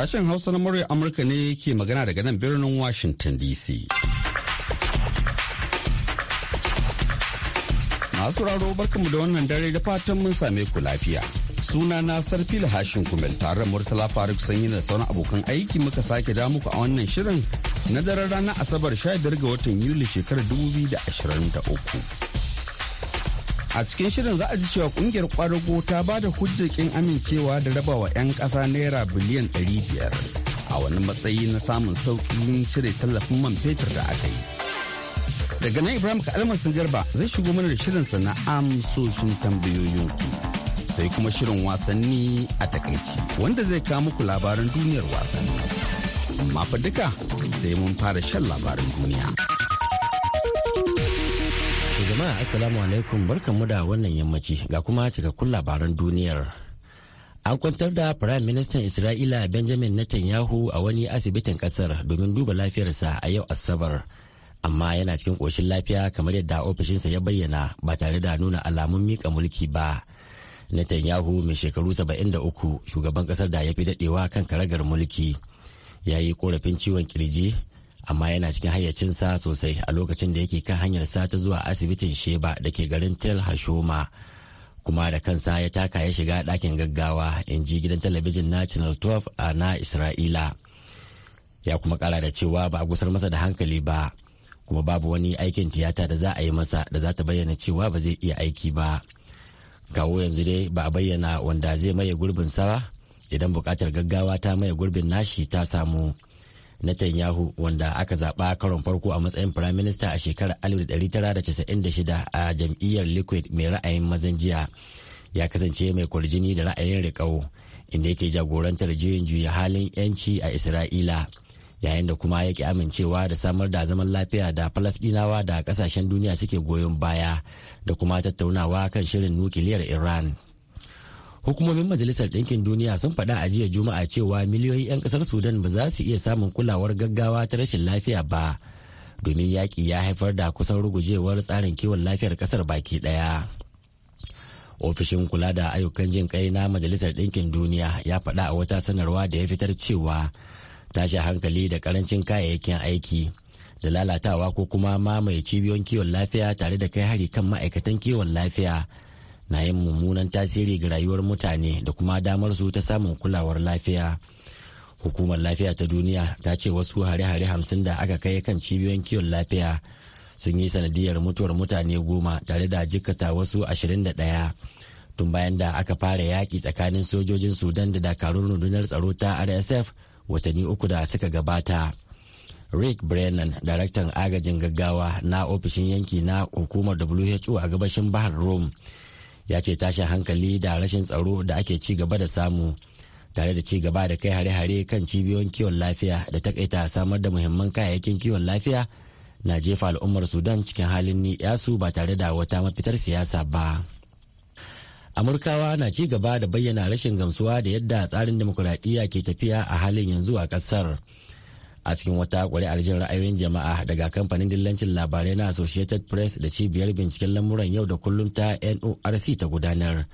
Sashen Hausa na murya Amurka ne ke magana daga nan birnin Washington DC. Masu raro barkanmu da wannan dare da fatan mun same ku lafiya. Suna na Sarfil Hashin Kumel tare Murtala Faruk Sanyi da sauran abokan aiki muka sake da muku a wannan shirin na daren ranar Asabar 15 ga watan Yuli shekarar 2023. a cikin shirin za a ji cewa kungiyar kwarago ta ba da hujjakin amincewa da raba wa 'yan ƙasa naira biliyan 500 a wani matsayi na samun sauƙin cire tallafin man fetur da aka yi daga nan ibrahim sun garba zai shigo mana da shirin na amsoshin tambayoyin sai kuma shirin wasanni a takaici wanda zai kawo muku labaran duniyar wasanni amma fa duka sai mun fara shan labaran duniya. zama jama'a asalamu alaikum mu da wannan yammaci ga kuma cikakkun labaran duniyar. An kwantar da Firayim Ministan Isra'ila Benjamin Netanyahu a wani asibitin kasar domin duba lafiyarsa a yau Asabar. Amma yana cikin koshin lafiya kamar yadda ofishinsa ya bayyana ba tare da nuna alamun mika mulki ba. Netanyahu mai shekaru 73 shugaban kasar da ya fi daɗewa kan karagar mulki. Ya yi korafin ciwon kirji amma yana cikin hayyacinsa sosai a lokacin da yake kan hanyar sa ta zuwa asibitin sheba da ke garin tel hashoma kuma da kansa ya taka ya shiga dakin gaggawa in ji gidan talabijin na channel 12 a na isra'ila ya kuma kara da cewa ba a gusar masa da hankali ba kuma babu wani aikin tiyata da za a yi masa da za ta bayyana cewa ba zai iya aiki ba kawo yanzu dai ba a bayyana wanda zai maye gurbin sa idan bukatar gaggawa ta maye gurbin nashi ta samu Netanyahu wanda aka zaɓa karon farko a matsayin Prime Minister a shekarar 1996 a jam'iyyar Liquid mai ra'ayin mazan jiya ya kasance mai kwarjini da ra'ayin riƙau inda yake jagorantar juyin juya halin 'yanci a Isra'ila yayin da kuma yake amincewa da samar da zaman lafiya da Falasɗinawa da ƙasashen duniya suke goyon baya da kuma tattaunawa kan shirin nukiliyar Iran. hukumomin majalisar ɗinkin duniya sun faɗa a jiya juma'a cewa miliyoyi 'yan ƙasar sudan ba za su iya samun kulawar gaggawa ta rashin lafiya ba domin yaƙi ya haifar da kusan rugujewar tsarin kiwon lafiyar ƙasar baki ɗaya ofishin kula da ayyukan jin kai na majalisar ɗinkin duniya ya faɗa a wata sanarwa da ya fitar cewa tashi hankali da karancin kayayyakin aiki da lalatawa ko kuma mamaye cibiyoyin kiwon lafiya tare da kai hari kan ma'aikatan kiwon lafiya na yin mummunan tasiri ga rayuwar mutane da kuma damar su ta samun kulawar lafiya hukumar lafiya ta duniya ta ce wasu hare-hare hamsin da aka kai kan cibiyoyin kiwon lafiya sun yi sanadiyar mutuwar mutane goma tare da jikata wasu ashirin da ɗaya tun bayan da aka fara yaƙi tsakanin sojojin sudan da dakarun rundunar tsaro ta rsf watanni uku da suka gabata rick brennan daraktan agajin gaggawa na ofishin yanki na hukumar who a gabashin bahar rome ya ce tashin hankali da rashin tsaro da ake ci gaba da samu tare da ci gaba da kai hare-hare kan cibiyoyin kiwon lafiya da takaita samar da muhimman kayayyakin kiwon lafiya na jefa al'ummar sudan cikin halin ni yasu ba tare da wata mafitar siyasa ba amurkawa na ci gaba da bayyana rashin gamsuwa da yadda tsarin demokuraɗiyya ke tafiya a halin yanzu a ƙasar. a cikin wata kuri'ar jin ra'ayoyin jama'a daga kamfanin dillancin labarai na associated press da cibiyar binciken lamuran yau da kullum ta norc ta gudanar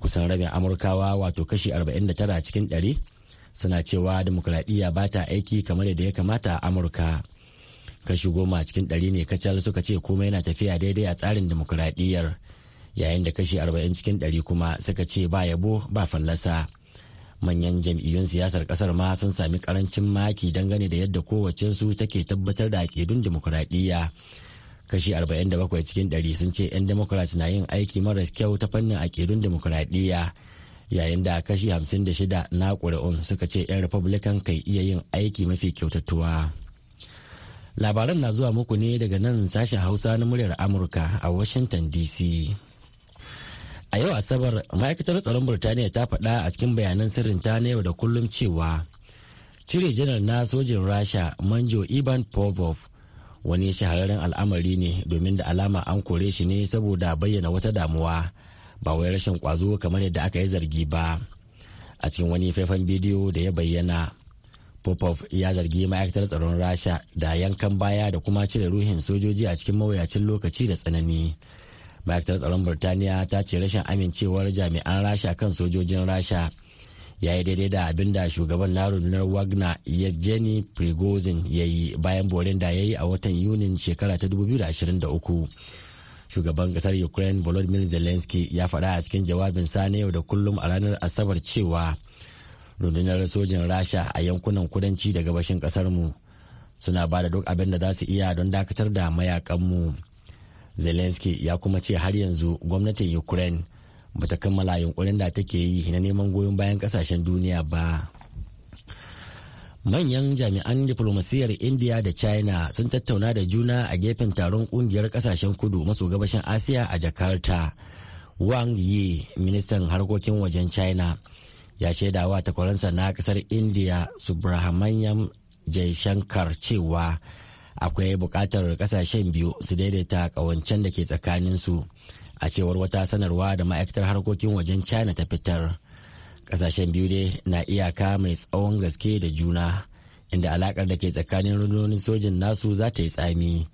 kusan rabin amurkawa wato kashi 49 cikin 100 suna cewa demokradiyya ba ta aiki kamar yadda ya kamata a amurka kashi goma cikin ɗari ne kacal suka ce komai yana tafiya daidai a tsarin demokradiyyar yayin da kashi arba'in cikin ɗari kuma suka ce ba yabo ba fallasa manyan jam'iyyun siyasar kasar ma sun sami karancin maki dangane da yadda kowace su take tabbatar da akidun dimokuraɗiyya kashi 47 cikin 100 sun ce 'yan demokrat na yin aiki maras kyau ta fannin akidun dimokuraɗiyya yayin da kashi 56 na ƙuri'un suka ce 'yan republican kai iya yin aiki mafi kyautattuwa. labaran na zuwa muku ne daga nan sashen hausa na muryar amurka a washington dc a yau asabar ma'aikatar tsaron burtaniya ta faɗa a cikin bayanan sirrin ta na yau da kullum cewa cire janar na sojin rasha manjo ivan povov wani shahararren al'amari ne domin da alama an kore shi ne saboda bayyana wata damuwa ba wai rashin kwazo kamar yadda aka yi zargi ba a cikin wani faifan bidiyo da ya bayyana popov ya zargi ma'aikatar tsaron rasha da yankan baya da kuma cire ruhin sojoji a cikin mawuyacin lokaci da tsanani ma'aikatar tsaron burtaniya ta ce rashin amincewar jami'an rasha kan sojojin rasha ya yi daidai da abin da shugaban na rundunar wagner yevgeny prigozhin ya yi bayan borin da ya yi a watan yunin shekara ta 2023 shugaban kasar ukraine volodymyr zelensky ya faɗa a cikin sa na yau da kullum a ranar asabar cewa rundunar sojin rasha a yankunan kudanci da gabashin mu suna ba da duk abin da za su iya don dakatar da mayakan mu zelensky ya kuma ce har yanzu gwamnatin ukraine bata kammala yunkurin da take yi na neman goyon bayan kasashen duniya ba manyan jami'an diplomasiyyar india da china sun tattauna da juna a gefen taron kungiyar kasashen kudu maso gabashin asiya a jakarta wang yi ministan harkokin wajen china ya shaidawa takwaransa na kasar india subrahmanyam jaishankar cewa akwai buƙatar ƙasashen biyu su daidaita ƙawancen da ke tsakaninsu a cewar wata sanarwa da ma'aikatar harkokin wajen china ta fitar ƙasashen biyu dai na iyaka mai tsawon gaske da juna inda alaƙar da ke tsakanin rundunonin sojin nasu za ta yi tsami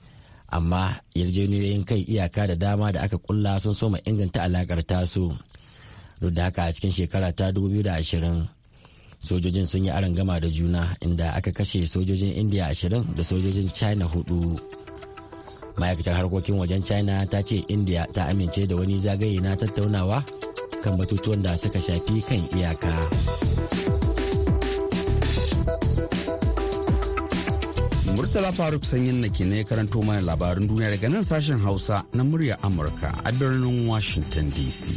amma yarjejeniyoyin kai iyaka da dama da aka kulla sun soma inganta alaƙar tasu duk da haka a cikin shekara ta 2020 sojojin sun yi arangama da juna inda aka kashe sojojin india ashirin da sojojin china hudu ma'aikatar harkokin wajen china ta ce india ta amince da wani zagaye na tattaunawa kan batutuwan da suka shafi kan iyaka murtala faruk sanyin na ne karanto mana labarin duniya daga nan sashen hausa na murya amurka a birnin washington dc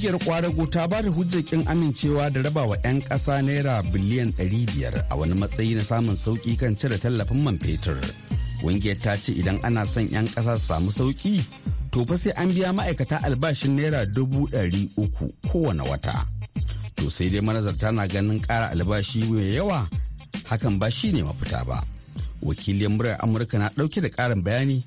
Kungiyar kwarago ta ba da hujjakin amincewa da raba wa 'yan ƙasa naira biliyan 500 a wani matsayi na samun sauki kan cire tallafin man fetur. Kungiyar ta ce idan ana son 'yan ƙasa su samu sauƙi, to fa sai an biya ma'aikata albashin naira dubu ɗari uku kowane wata. To sai dai manazarta na ganin kara albashi mai yawa hakan ba shi ne mafita ba. Wakilin murar Amurka na ɗauke da ƙarin bayani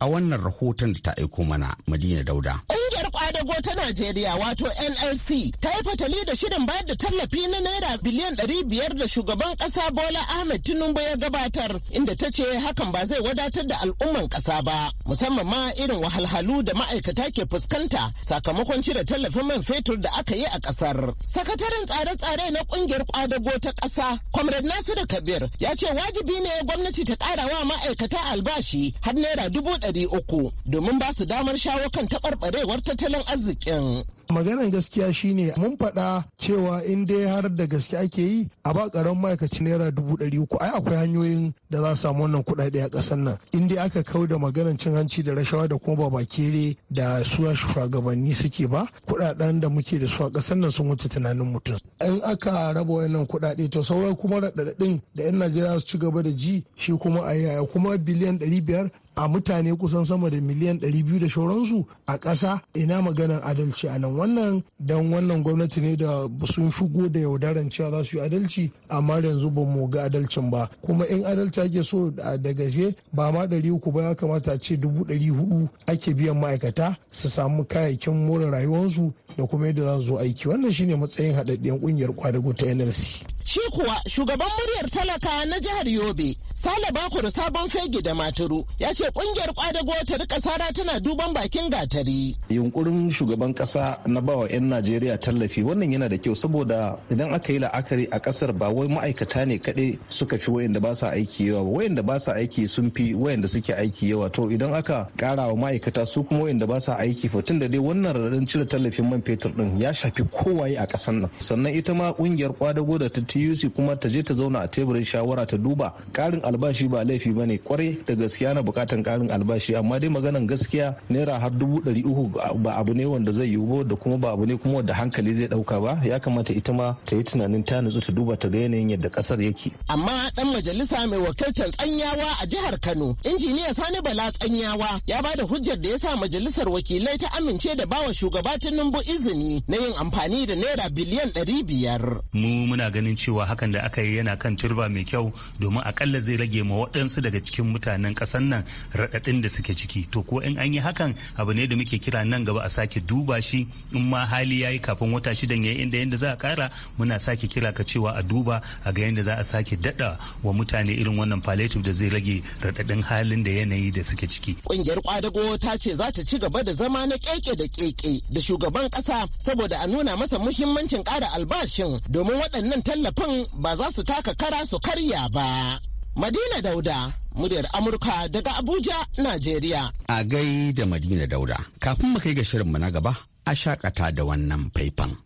a wannan rahoton da ta aiko mana Madina Dauda. kungiyar Kwadago ta Najeriya wato NLC ta yi fatali da shirin bayar da tallafi na naira biliyan ɗari biyar da shugaban ƙasa Bola Ahmed Tinubu ya gabatar inda ta ce hakan ba zai wadatar da al'umman ƙasa ba musamman ma irin wahalhalu da ma'aikata ke fuskanta sakamakon cire tallafin man fetur da aka yi a ƙasar. Sakataren tsare-tsare na ƙungiyar Kwadago ta ƙasa Comrade Nasiru Kabir ya ce wajibi ne gwamnati ta ƙara wa ma'aikata albashi har naira dubu ɗari uku domin ba su damar shawo kan taɓarɓarewa dambarwar tattalin arzikin. maganan gaskiya shine mun faɗa cewa in dai har da gaske ake yi a ba karan ma'aikaci naira dubu ɗari uku ai akwai hanyoyin da za samu wannan kuɗaɗe a ƙasar nan in dai aka kau da maganan cin hanci da rashawa da kuma kere da su shugabanni suke ba kuɗaɗen da muke da su a ƙasar nan sun wuce tunanin mutum in aka raba wannan kuɗaɗe to sauran kuma raɗaɗin da yan najeriya su ci gaba da ji shi kuma a yaya kuma biliyan ɗari biyar a mutane kusan sama da miliyan 200 da shauransu a ƙasa ina maganan adalci a nan wannan don wannan gwamnati ne da sun shigo da yaudaran cewa za su yi adalci amma yanzu ba mu ga adalcin ba kuma in adalci ake so da gaje ba ma ɗari uku ba ya kamata a ce dubu ɗari hudu ake biyan ma'aikata su samu kayayyakin more rayuwarsu da kuma yadda za su zo aiki wannan shine matsayin haɗaɗɗiyar ƙungiyar kwadago ta nlc shi kuwa shugaban muryar talaka na jihar yobe sale bakuru sabon fegi da maturu ya ce ƙungiyar kwadago ta rika sara tana duban bakin gatari yunkurin shugaban ƙasa na bawa 'yan najeriya tallafi wannan yana da kyau saboda idan aka yi la'akari a ƙasar ba wai ma'aikata ne kaɗai suka fi wayanda ba sa aiki yawa wayanda ba sa aiki sun fi wayanda suke aiki yawa to idan aka ƙara wa ma'aikata su kuma wayanda ba sa aiki fa tun da dai wannan raɗaɗin cire tallafin man fetur din ya shafi kowaye a ƙasar nan sannan ita ma ƙungiyar kwadago da ta tuc kuma ta je ta zauna a teburin shawara ta duba karin albashi ba laifi ba ne kwarai da gaskiya na buƙatan karin albashi amma dai maganan gaskiya naira har dubu ɗari uku ba abu ne wanda zai yiwu ba da kuma ba abu ne kuma wanda hankali zai ɗauka ba ya kamata ita ma ta yi tunanin ta nutsu ta duba ta ga yanayin yadda ƙasar yake. amma dan majalisa mai wakiltar tsanyawa a jihar kano injiniya sani bala tsanyawa ya ba da hujjar da ya sa majalisar wakilai ta amince da bawa shugaba numbu'i izini na yin amfani da naira biliyan ɗari biyar. mu muna ganin cewa hakan da aka yi yana kan turba mai kyau domin akalla zai rage ma waɗansu daga cikin mutanen ƙasar nan raɗaɗin da suke ciki to ko in an yi hakan abu ne da muke kira nan gaba a sake duba shi in ma hali ya yi kafin wata shidan ya inda yadda za a ƙara muna sake kira ka cewa a duba a ga yadda za a sake daɗa wa mutane irin wannan palliative da zai rage raɗaɗin halin da yanayi da suke ciki. Ƙungiyar kwadago ta ce za ta ci gaba da zama na keke da keke da shugaban ƙasa ƙasa saboda a nuna masa muhimmancin ƙara albashin domin waɗannan tallafin ba za su taka kara su karya ba. Madina Dauda, muryar Amurka daga Abuja, Najeriya. A gai da Madina Dauda, kafin mu kai ga shirinmu na gaba, a shakata da wannan faifan.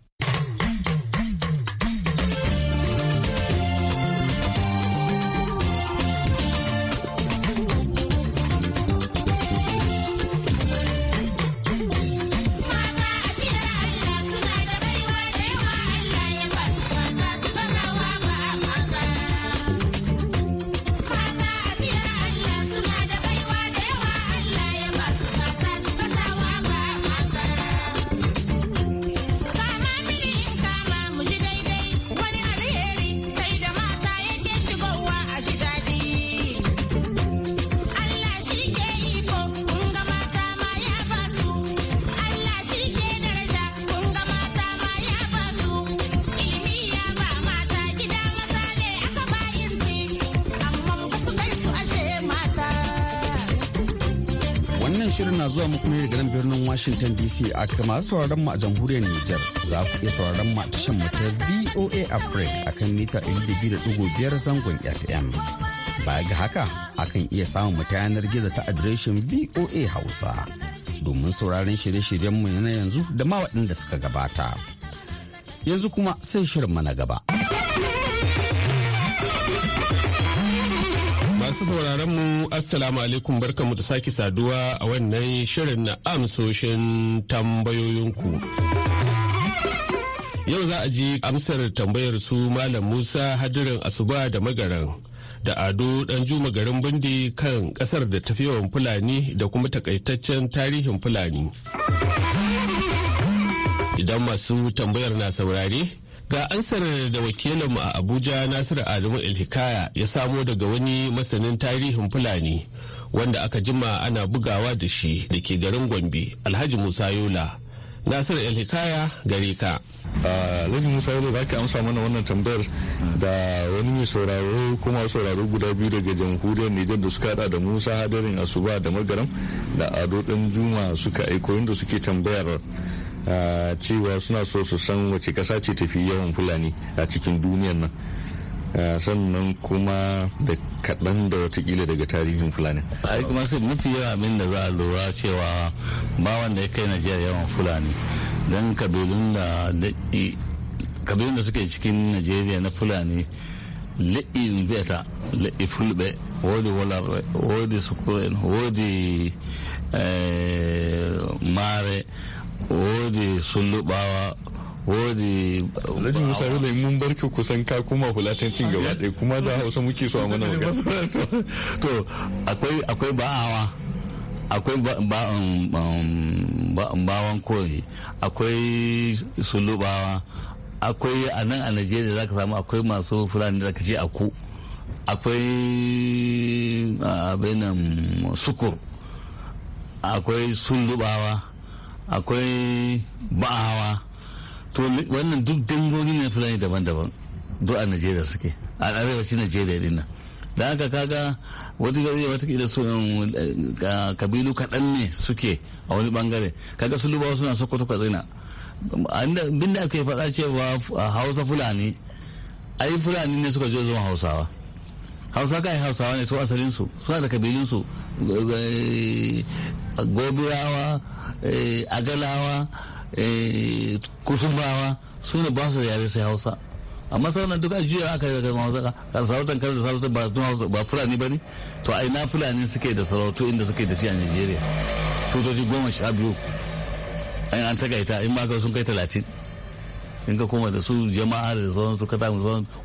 zuwa muku ne daga nan birnin Washington DC a kama sauraron mu a jamhuriyar Nijar. Za ku iya sauraron mu a tashar mu ta voa Africa a kan mita 200.5 zangon FM. Baya ga haka, akan iya samun mu ta yanar gizo ta adireshin voa Hausa. Domin sauraron shirye-shiryen mu na yanzu da ma waɗanda suka gabata. Yanzu kuma sai shirin mana gaba. masu sauraron mu assalamu alaikum barkanmu da sake saduwa a wannan shirin na amsoshin tambayoyinku. Yau za a ji amsar tambayar su Malam Musa Hadirin Asuba da Magaran da Ado dan juma garin Bindi kan kasar da tafiyawan Fulani da kuma takaitaccen tarihin Fulani. Idan masu tambayar na saurare Ga ansar da wakilinmu a Abuja Nasiru Adamu Ilhikaya ya samo daga wani masanin tarihin Fulani wanda aka jima ana bugawa da shi da ke garin Gombe Alhaji Musa Yola. Nasiru Ilhikaya gare ka. Alhaji Musa Yola za ka amsa mana wannan tambayar da wani mai sauraro kuma sauraro guda biyu daga jamhuriyar Nijar da suka hada da Musa Hadarin Asuba da Magaram da Ado Dan Juma suka aiko inda suke tambayar cewa suna so su san wace ƙasa ce tafi yawan fulani a cikin duniyan nan sannan kuma da kaɗan da watakila daga tarihin fulani. yi kuma sai mafi yawa abin da za a lura cewa ba wanda ya kai najeriya yawan fulani don kabilun da suke cikin najeriya na fulani la'i beta la'i fulbe wodi walarbe wodi sukuren wadi eh, mare wode sun lubawa wode alhaji musa rulai mun bar ki kusan ka kuma hulatancin gaba ɗaya kuma da hausa muke so a mana magana to akwai akwai ba'awa akwai um, um, bawan kori akwai lubawa akwai a nan a najeriya za ka samu akwai masu fulani da ka ce aku akwai ah, abinan sukur akwai lubawa akwai ba'awa to wannan duk dangogi ne fulani daban-daban duk a najeriya suke a arewacin najeriya din da haka kaga wata gari wata kila su um, eh, kabilu kaɗan ne suke a wani bangare kaga su lubawa suna sokoto katsina bin da ake faɗa cewa hausa fulani ai fulani ne suka zo zama hausawa hausa kai hausawa ne to asalin su suna da kabilun su eh, gobirawa eh, agalawa eh, kusumbawa su ne ba su da yare sai hausa amma sauran duk ajiya aka yi daga hausa ka sarautan kar da sarautan ba tun hausa ba fulani ba ne to ai ina fulani suke da sarautu inda suke da shi a nigeria tutoci goma sha biyu an tagaita in ba sun kai talatin in ka koma da su jama'a da sauran su ka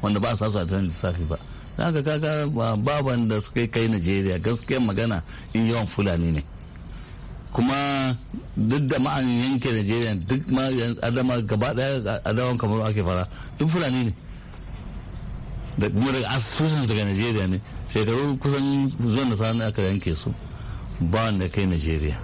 wanda ba a sasu a tunan lissafi ba haka kaka baban da suka kai najeriya gaskiya magana in yawan fulani ne kuma duk da ma'an yanke nigeria duk ma adama gaba daya adawan kamar ake fara duk fulani ne da kuma daga asusun daga najeriya ne shekaru kusan zuwan da sani aka yanke su ba wanda kai najeriya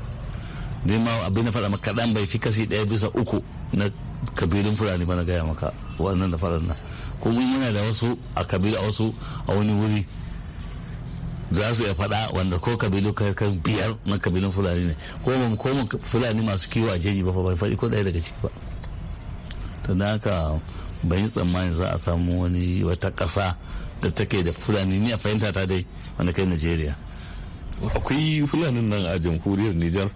dai ma abin da faɗa maka kaɗan bai fi kasi ɗaya bisa uku na kabilun fulani ba gaya maka wannan da faɗan nan kuma yana da wasu a kabila wasu a wani wuri za su iya faɗa wanda ko kabilu kan biyar na kabilun fulani ne ko ban koma fulani masu kiwo a jeji ba bai faɗi ko ɗaya daga ciki ba to da haka ban yi tsammani za a samu wani wata ƙasa da take da fulani ni a fahimta ta dai wanda kai najeriya akwai fulanin nan a jamhuriyar nijar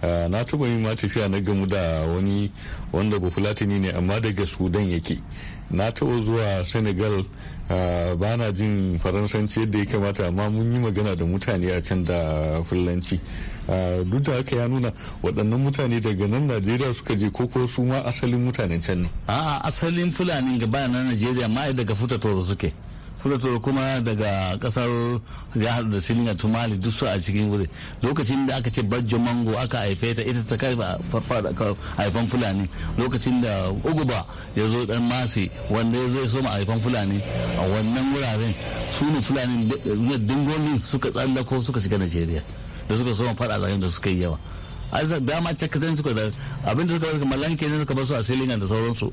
Ah, na taba yi ma tafiya na gamu da wani wanda bafulatani ne amma daga sudan yake na taba zuwa senegal ah, ba na jin faransanci yadda ya kamata amma mun yi magana da mutane a can da fulanci ah, duk da haka ya nuna waɗannan mutane daga nan najeriya suka je koko su ma asalin mutanen can ne a'a asalin fulani gaba na najeriya ma daga futatoro suke fulato kuma daga kasar ya jihar da silinga tumali duk su a cikin wuri lokacin da aka ce bajjo mango aka haife ta ita ta kai haifan fulani lokacin da uguba ya zo dan masi wanda ya zo ya soma haifan fulani a wannan wuraren su ne fulani dingoni suka tsallako suka shiga najeriya da suka soma fada zakin da suka yi yawa a dama cakatin suka da abinda suka kamar lanke ne suka basu a silinga da sauransu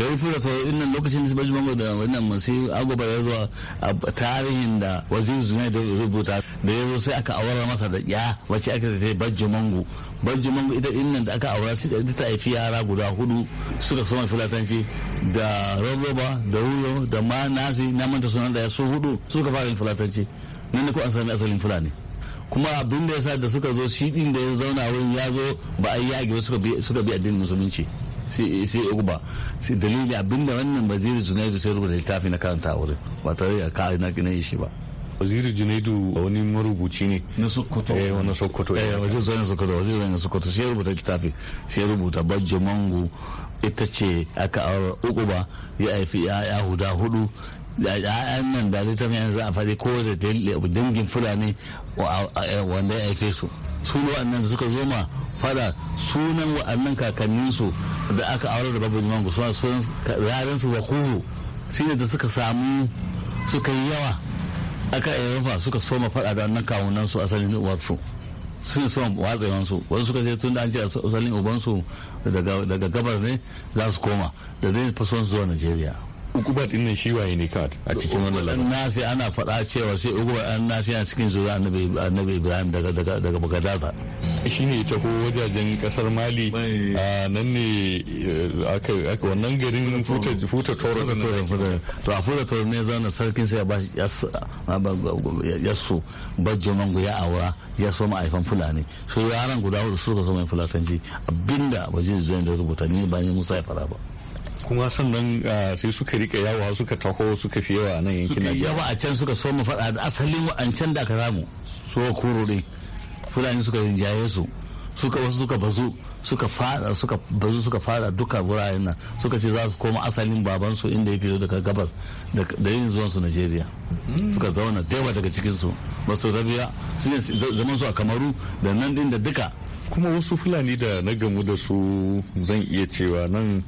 da ya fura ta innan lokacin da banjo da wannan masu agoba ya zuwa a tarihin da wazir zuwa da rubuta da ya zo sai aka awara masa da ya wace aka ta banjo mango banjo mango ita innan da aka awara sai da ta haifi yara guda hudu suka soma filatanci da roboba da wuyo da ma nasi na manta sunan da su hudu suka fara yin filatanci nan ne ko an sani asalin fulani kuma abin da ya sa da suka zo shi din da ya zauna wurin ya zo ba a yi yage suka bi addinin musulunci sai ugba sai dalili abinda wannan baziri junaidu sai rubuta littafi na karanta wurin ba tare da ka na gina shi ba waziri junaidu wani marubuci ne na sokoto eh wani sokoto eh, eh waziri zuwa sokoto waziri zuwa sokoto sai rubuta littafi sai rubuta bajjo mangu ita ce aka aure uku ba ya haifi ya huda hudu ya'yan nan da littafin yanzu za a faɗi ko da dangin fulani wanda ya haife su su nan suka zo ma fada sunan wa'annan kakanninsu da aka aurar da babu zumangu sunan wa wakuru shine da suka samu suka yi yawa aka rufa suka soma fada da wannan su asalin wasu sun son su wasu suka ce tun da an ce asalin ubansu daga gabar ne za su koma da zai fi son zuwa najeriya ukuba din nan shi waye ne kawai a cikin wannan lamarin nasi ana faɗa cewa sai ukuba an nasi a cikin zuwa annabi annabi Ibrahim daga daga daga Bagadaza shi ne ta ko wajajen kasar Mali a nan ne eh, aka aka wannan garin futa futa toro da toro to a futa toro ne zana sarkin sai ya ba ya su bajjo mango ya aura ya so aifan fulani so yaran guda hudu suka so mai fulatanci abinda wajen zai da rubuta ni ba ni Musa ya fara ba kuma sannan ah, sai suka rika yawa suka taho suka fi yawa nan yankin Najeriya yawa a can suka so mu fada da asalin wa'ancan da aka samu so kuro ne fulani suka rinjaye su suka wasu suka bazu suka fada suka bazu suka fada duka wuraren nan suka ce za su koma asalin baban su inda ya fito daga gabas da yin zuwan su Najeriya hmm. suka zauna da daga cikin su masu rabiya su zaman su a Kamaru da nan din da duka kuma wasu fulani da na gamu da su zan iya cewa nan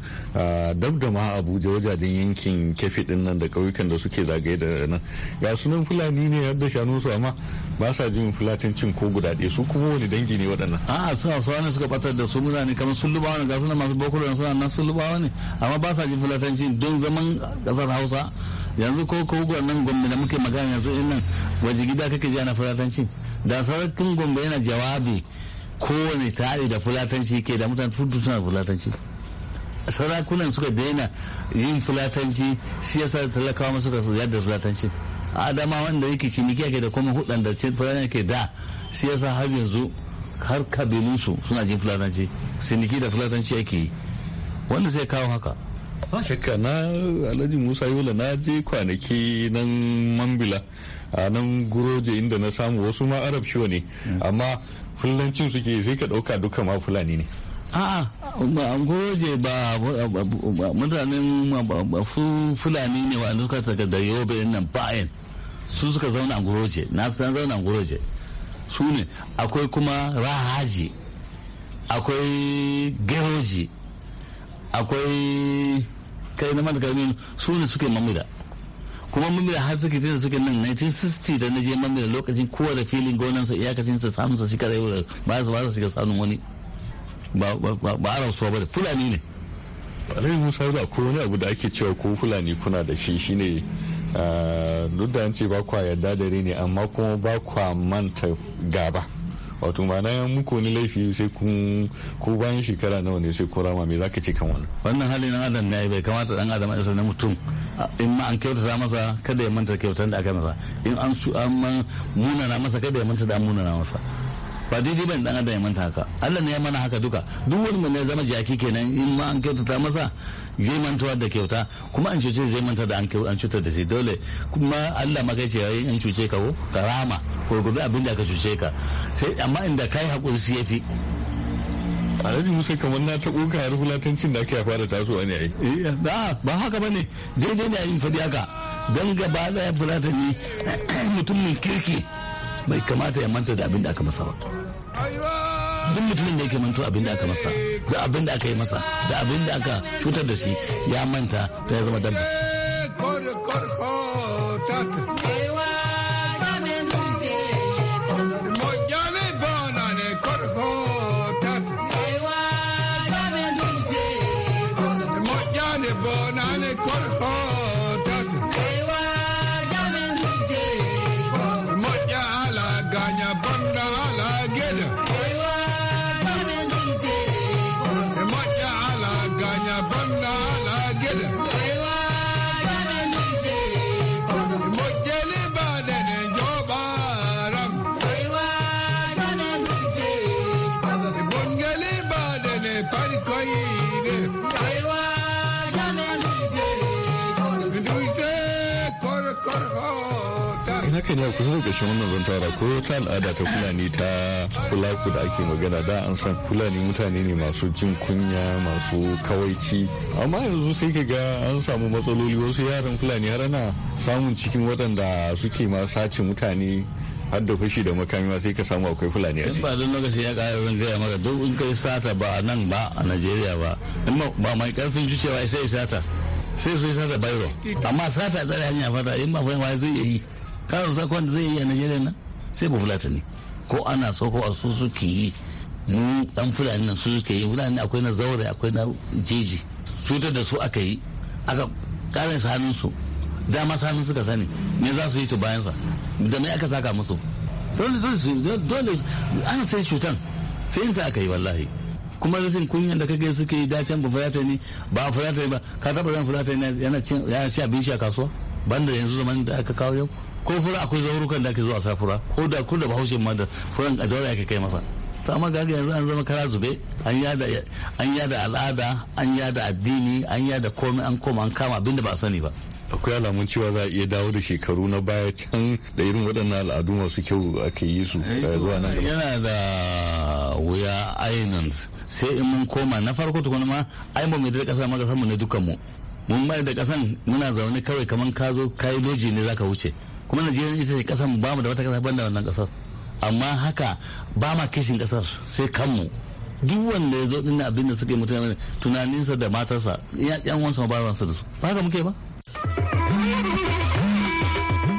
dab da ma abuja wajajen yankin kefi din nan da ƙauyukan da suke zagaye da nan ga sunan fulani ne har da shanu su amma ba sa jin cin ko guda ɗaya su kuma wani dangi ne waɗannan a'a su hausawa ne suka batar da su mutane kamar sun lubawa ne ga sunan masu da suna nan sun lubawa ne amma ba sa jin cin don zaman ƙasar hausa yanzu ko ko nan gombe da muke magana yanzu in nan waje gida kake ji ana cin da sarakin gombe yana jawabi kowane tare da fulatanci ke da mutane fudu suna fulatanci sarakunan suka daina yin fulatanci siyasa talakawa suka yadda fulatanci adama wanda yake ciniki ake da kuma hudan da fulatanci ke da siyasa har yanzu har kabilunsu suna jin fulatanci ciniki da fulatanci ake yi wanda sai kawo haka ba shakka na alhaji musa yola na je kwanaki nan mambila a nan guroje inda na samu wasu ma arab shiwa ne amma fulancin suke sai ka dauka duka ma fulani ne a goje ba mutanen su fulani ne wa suka daga da yobe nan bayan su suka zauna goje na san zauna goje su ne akwai kuma rahaji akwai geroji akwai kai na min su ne suke mamida kuma mamida har suke tunda suke nan 1960 da na je mamida lokacin kowa da filin gonansa iyakacin ta samun sa shekara yau ba su ba su shiga sanin wani ba a rasuwa ba da fulani ne alai musa da ko wani abu da ake cewa ko fulani kuna da shi shine ah, duk da an ce ba kwa yarda da ne amma kuma ba kwa manta gaba wato ma'ana muku wani laifi sai kun ko bayan shekara nawa ne sai kura ma me zaka ce kan wannan wannan hali na adam ne bai kamata dan adam isa na mutum in ma an kyautata masa kada ya manta kyautar da aka masa in an su an munana masa kada ya manta da an munana masa ba daidai bane dan adam ya manta haka Allah ne ya mana haka duka duk wani mai zama jaki kenan in ma an kyautata masa zai mantuwa da kyauta kuma an cuce zai manta da an cutar da shi dole kuma Allah ma kai ce yayin an cuce ka ko ka rama Gobe abin da ka cuce ka sai amma inda kai hakuri sai yafi alhaji musa kamar na taɓo ka har hulatancin da aka fara taso ne ai eh, ba haka ba ne daidai ne a yin fadi haka don gaba da ya ni mutumin kirki bai kamata ya manta da abin da aka masa ba duk mutumin da yake manto abin da aka masa da abin da aka yi masa da abin da aka cutar da shi ya manta da ya zama dabba ƙarshen wannan zan tara ko wata al'ada ta fulani ta kulaku da ake magana da an san fulani mutane ne masu jin kunya masu kawaici amma yanzu sai ka ga an samu matsaloli wasu yaran fulani har ana samun cikin waɗanda suke ma sace mutane har da fushi da makami ma sai ka samu akwai fulani a ciki. ba don lokaci ya kara wurin gaya maka duk in kai sata ba a nan ba a najeriya ba in ba mai karfin zuciya sai sata sai su yi sata bayro amma sata tsari hanya fata in ba fahimta zai iya yi ka sa sakon zai yi a najeriya nan sai ba fulatani ko ana so ko a su suke yi dan fulani nan su suke yi fulani akwai na zaure akwai na jeji cutar da su aka yi aka kare su hannun su dama su hannun suka sani me za su yi to bayan sa da me aka saka musu dole dole su dole an sai cutan sai ta aka yi wallahi kuma rashin kunyan da kake suke yi dacen ba fulata ne ba fulata ne ba ka taba ran fulata ne yana cin abin shi a kasuwa banda yanzu zaman da aka kawo yau ko fura akwai zaurukan da ake zuwa sa fura ko da ko da bahaushe ma da furan a zaura ake kai masa to amma ga yanzu an zama kara zube an yada an al'ada an yada addini an yada komai an koma an kama abinda ba sani ba akwai alamun cewa za a iya dawo da shekaru na baya can da irin waɗannan al'adu masu kyau aka yi su eh, zuwa nan yana da wuya ainihin sai in mun koma na farko tukuna ma ai ba mu da ƙasa ma ga mu ne dukkan mu mun mai da ƙasan muna zaune kawai kamar ka zo kayi loji ne zaka wuce kuma najeriya ita ce kasar mu ba mu da wata kasa banda wannan kasar amma haka ba ma kishin kasar sai kanmu duk wanda ya zo din abin da suke mutane tunaninsa da matarsa ya yan wansa ma ba su da su ba haka muke ba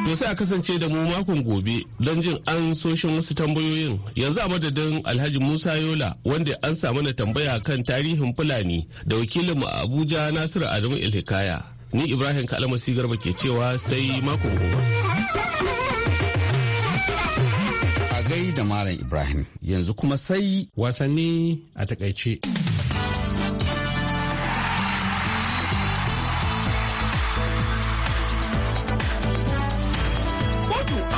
To sai a kasance da mu makon gobe don jin an soshin wasu tambayoyin yanzu a madadin Alhaji Musa Yola wanda an samu na tambaya kan tarihin Fulani da wakilinmu a Abuja Nasiru Adamu Ilhikaya. ni ibrahim kalamasi sigarba ke cewa sai mako gobe a gai da malam ibrahim yanzu kuma sai wasanni a takaice.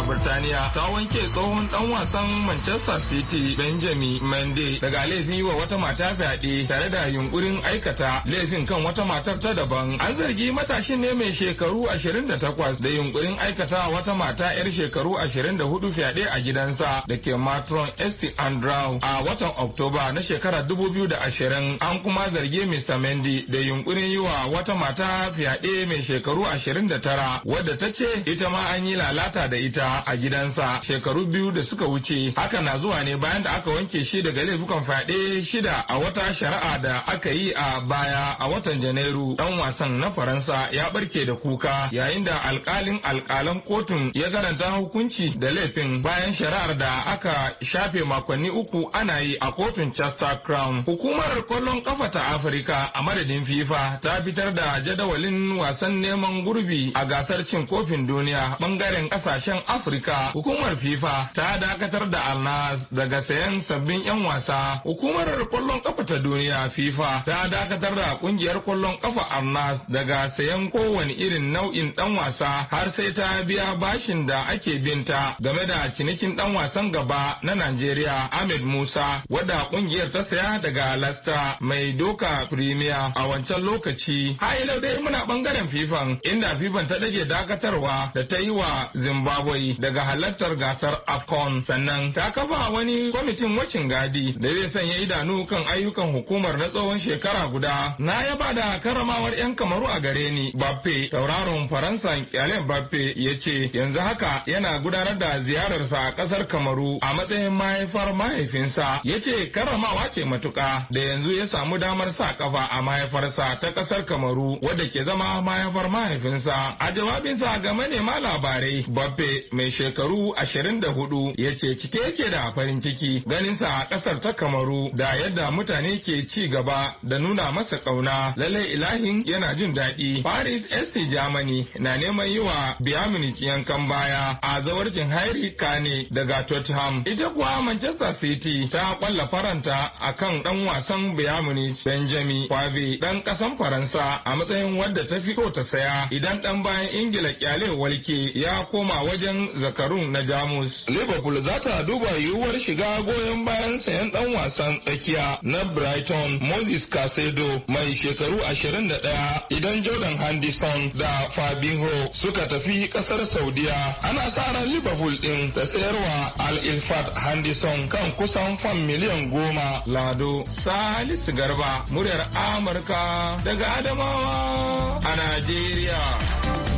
Birtaniya ta wanke tsohon dan wasan Manchester City Benjamin Mendy daga laifin yiwa wata mata fyaɗe tare da yunkurin aikata laifin kan wata matar ta daban. An zargi matashin ne mai shekaru 28 da yunkurin aikata wata mata 'yar shekaru 24 fyaɗe a gidansa da ke Matron St. Andrew a watan Oktoba na shekarar 2020 an kuma zargi Mr. Mendy da yunkurin yiwa wata mata fyaɗe mai shekaru 29 wadda ta ce ita ma an yi lalata da ita. a gidansa shekaru biyu da suka wuce haka na zuwa ne bayan da aka wanke shi daga laifukan fyaɗe shida a wata shari'a da aka yi a baya a watan janairu dan wasan na faransa ya barke da kuka yayin da alkalin alkalan kotun ya garanta hukunci da laifin bayan shari'ar da aka shafe makonni uku ana yi a kotun chester crown hukumar kwallon kafa ta afirka a madadin fifa ta fitar da jadawalin wasan neman gurbi a gasar cin kofin duniya bangaren kasashen afirka Afirka hukumar FIFA ta dakatar da Alnas daga sayan sabbin 'yan wasa. Hukumar kwallon kafa ta duniya FIFA ta dakatar da kungiyar kwallon kafa Alnas daga sayan kowane irin nau'in dan wasa har sai ta biya bashin da ake binta game da cinikin dan wasan gaba na Najeriya Ahmed Musa wadda kungiyar ta saya daga Lasta mai doka Premier a wancan lokaci. Ha'ilau dai muna bangaren FIFA inda FIFA ta dage dakatarwa da ta yi wa Zimbabwe daga halartar gasar afcon sannan ta kafa wani kwamitin wacin gadi da zai sanya idanu kan ayyukan hukumar na tsohon shekara guda na ya bada karamawar 'yan kamaru a gare ni bappe tauraron faransa kyalen bappe ya ce yanzu haka yana gudanar da ziyararsa a kasar kamaru a matsayin mahaifar mahaifinsa ya ce karamawa ce matuka da yanzu ya samu damar sa kafa a mahaifarsa ta kasar kamaru wadda ke zama mahaifar mahaifinsa a jawabinsa ga manema labarai bappe mai mai shekaru ashirin da hudu ya ce cike yake da farin ciki ganinsa a ƙasar ta kamaru da yadda mutane ke ci gaba da nuna masa ƙauna lallai ilahin yana jin daɗi paris st germany na neman yi wa biyamunich yankan baya a zawarcin hairi kane daga tottenham ita kuwa manchester city ta kwalla faranta a kan ɗan wasan biyamunich benjamin kwave ɗan ƙasan faransa a matsayin wadda ta fito ta saya idan ɗan bayan ingila kyale walke ya koma wajen zakarun na Jamus. Liverpool za ta duba yiwuwar shiga goyon bayan sayan dan wasan tsakiya na Brighton Moses Casedo mai shekaru 21 idan Jordan Henderson da Fabinho suka tafi kasar Saudiya. Ana sa ran Liverpool din ta sayarwa Al ilfad Henderson kan kusan fan miliyan goma. Lado Salisu Garba muryar Amurka daga Adamawa a Najeriya.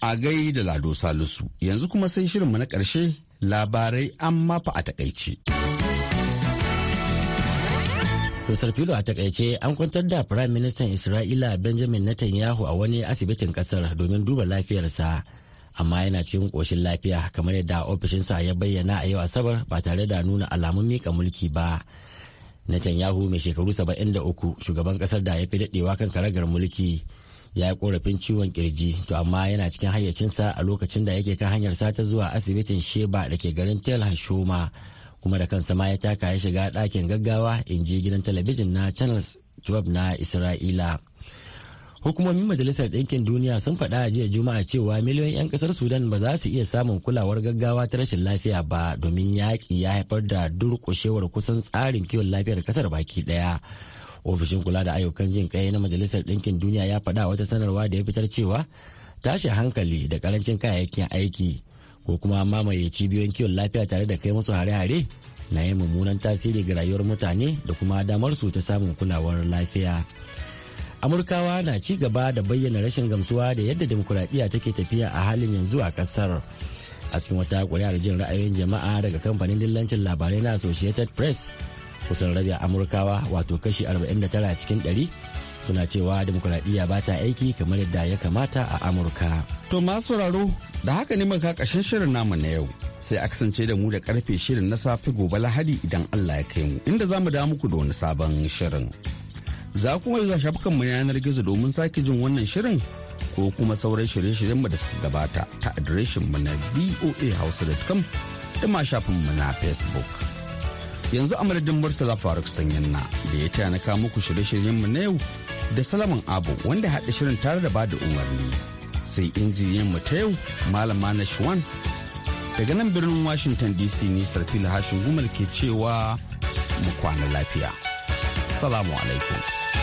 A gai da Lado Salisu, yanzu kuma sai shirinmu na ƙarshe labarai an mafa a takaice. Tusar filo a takaice an kwantar da Prime Ministan Isra'ila Benjamin Netanyahu a wani asibitin kasar domin duba lafiyarsa. Amma yana cikin ƙoshin lafiya kamar yadda ofishinsa ya bayyana a yau Asabar ba tare da nuna alamun mika mulki ba. Netanyahu mai shekaru 73 shugaban kasar da ya fi daɗewa kan karagar mulki. ya yi korafin ciwon kirji to amma yana cikin hayyacinsa a lokacin da yake kan hanyar sata zuwa asibitin sheba da ke garin tel hashoma kuma da kansa ma ya taka ya shiga dakin gaggawa in ji gidan talabijin na channel 12 na isra'ila hukumomin majalisar ɗinkin duniya sun faɗa a jiya juma'a cewa miliyoyin 'yan ƙasar sudan ba za su iya samun kulawar gaggawa ta rashin lafiya ba domin yaƙi ya haifar da durƙushewar kusan tsarin kiwon lafiyar ƙasar baki ɗaya ofishin kula da ayyukan jin kai na majalisar ɗinkin duniya ya faɗa wata sanarwa da ya fitar cewa tashin hankali da karancin kayayyakin aiki ko kuma mamaye cibiyoyin kiwon lafiya tare da kai musu hare-hare na yin mummunan tasiri ga rayuwar mutane da kuma damar su ta samun kulawar lafiya amurkawa na ci gaba da bayyana rashin gamsuwa da yadda demokuraɗiyya take tafiya a halin yanzu a kasar. a cikin wata ƙuri'ar jin ra'ayoyin jama'a daga kamfanin dillancin labarai na associated press kusan rabin amurkawa wato kashi 49 cikin 100 suna cewa demokuraɗiyya ba ta aiki kamar yadda ya kamata a amurka to masu sauraro da haka ne muka kashin shirin namu na yau sai a kasance da mu da karfe shirin na safe gobe lahadi idan allah ya kai mu inda za mu da muku da wani sabon shirin za kuma yi shafukan mu yanar gizo domin sake jin wannan shirin ko kuma sauran shirye shiryen mu da suka gabata ta adireshin mu na hausa.com da ma shafin mu na facebook yanzu a madadin murtala faruk sanyin na da ya taya na kawo muku shirye-shiryenmu na yau da salaman abu wanda haɗa shirin tare da bada umarni sai injiniyan mu ta yau malama na shwan daga nan birnin washington dc ne sarfi hashin gumal ke cewa mu kwana lafiya salamu alaikum